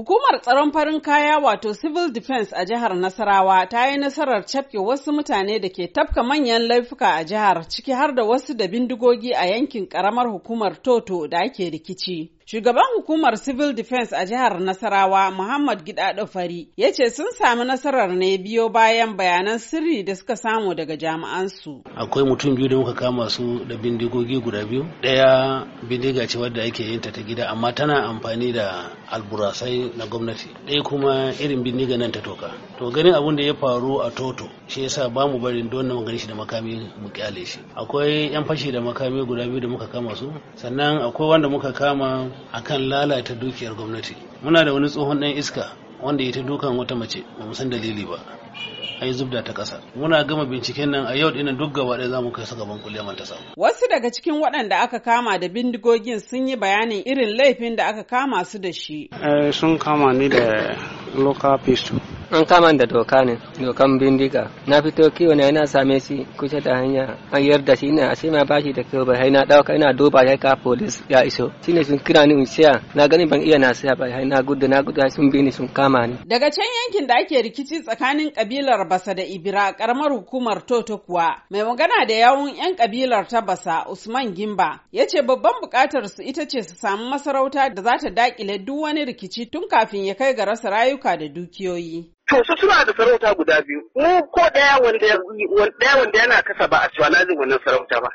Hukumar tsaron farin kaya wato Civil Defense a jihar Nasarawa ta yi nasarar cafke wasu mutane da ke tafka manyan laifuka a jihar ciki har da wasu da bindigogi a yankin karamar hukumar Toto da ake rikici. Shugaban hukumar Civil Defense a jihar Nasarawa Muhammad Gidado Fari ya ce sun sami nasarar ne biyo bayan bayanan sirri da suka samu daga jami'ansu. Akwai mutum biyu da muka kama su da bindigogi guda biyu. Ɗaya bindiga ce wadda ake yin ta ta gida amma tana amfani da alburasai na gwamnati. Ɗaya kuma irin bindiga nan ta toka. To ganin abin da ya faru a Toto shi yasa ba mu barin don mu gani shi da makami mu kyale shi. Akwai 'yan fashi da makami guda biyu da muka kama su sannan akwai wanda muka kama akan lalata dukiyar gwamnati muna da wani tsohon dan iska wanda ya ta dukan wata mace ba mu san dalili ba a yi zubda ta ƙasa muna gama binciken nan a yau dinan duk gaba ɗaya zamu kai su gaban kuliyaman ta samu wasu daga cikin waɗanda aka kama da bindigogin sun yi bayanin irin laifin da aka kama su da shi eh, sun kama ni da local pistol an kama da doka ne dokan bindiga na fito kiwo ne ina same shi kusa da hanya an yarda shi ne a ma bashi da kiwo bai na dauka ina duba ya ka polis ya iso ne sun kira ni unsiya, na gani ban iya na siya bai na gudu na gudu sun bi ni sun kama ni daga can yankin da ake rikici tsakanin kabilar basa da ibira karamar hukumar toto kuwa mai magana da yawun 'yan kabilar ta basa usman gimba ya ce babban bukatar su ita ce su samu masarauta da za ta dakile duk wani rikici tun kafin ya kai ga rasa rayuka da dukiyoyi to suna da sarauta guda biyu mu ko daya wanda yana kasa ba a cewa lazim wannan sarauta ba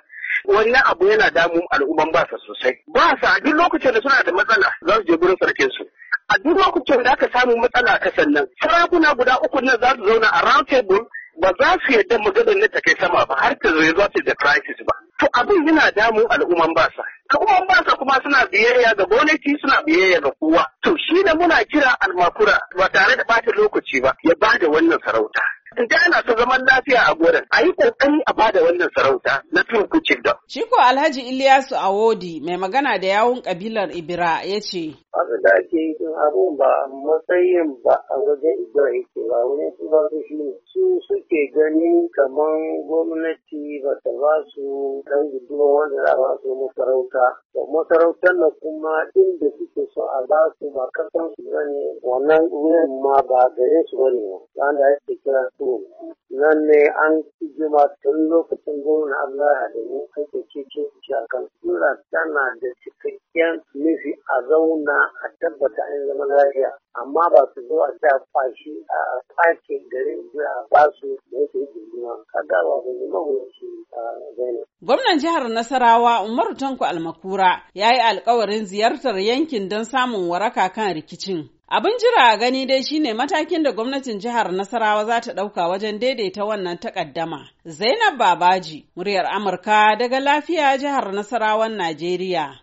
wannan abu yana damun al'umman basa sosai ba sa duk lokacin da suna da matsala za su je gurin sarkin su a duk lokacin da aka samu matsala a kasan nan sarakuna guda uku nan za su zauna a round table ba za su yadda maganar na ta kai sama ba har ta zai zuwa da crisis ba to abin yana damu al'umman basa al'umman basa kuma suna biyayya ga gwamnati suna biyayya ga kowa to shi da muna kira almakura ba tare da bata lokaci ba ya bada wannan sarauta da ana so zaman lafiya a gurin a yi kokari a bada wannan sarauta na turkucin da. Shi Alhaji iliyasu Awodi mai magana da yawun kabilar Ibira ya ce. maganar da ake yi abun ba matsayin ba a wajen Ibrahim ke ba wani su ba su shi su suke gani kamar gwamnati ba ta ba su ɗan guduma wanda za ba su masarauta to masarautar na kuma inda suke so a ba su ba kasan su bane wannan wurin ma ba gare su wani ba wanda ake kira su nan ne an jima tun lokacin gwamna Allah da mu ake cece shakan sura tana da cikakken nufi a zauna a tabbata an zama lafiya amma ba su zo a sa fashi a kwace garin ba su da yake yi jima kaga ba su zama wuce a zainab. Gwamnan jihar Nasarawa Umaru Tanko Almakura ya yi alkawarin ziyartar yankin don samun waraka kan rikicin. Abin jira a gani dai shine matakin da gwamnatin jihar Nasarawa za ta ɗauka wajen daidaita wannan takaddama. Zainab Babaji, muryar Amurka daga lafiya jihar Nasarawan Najeriya.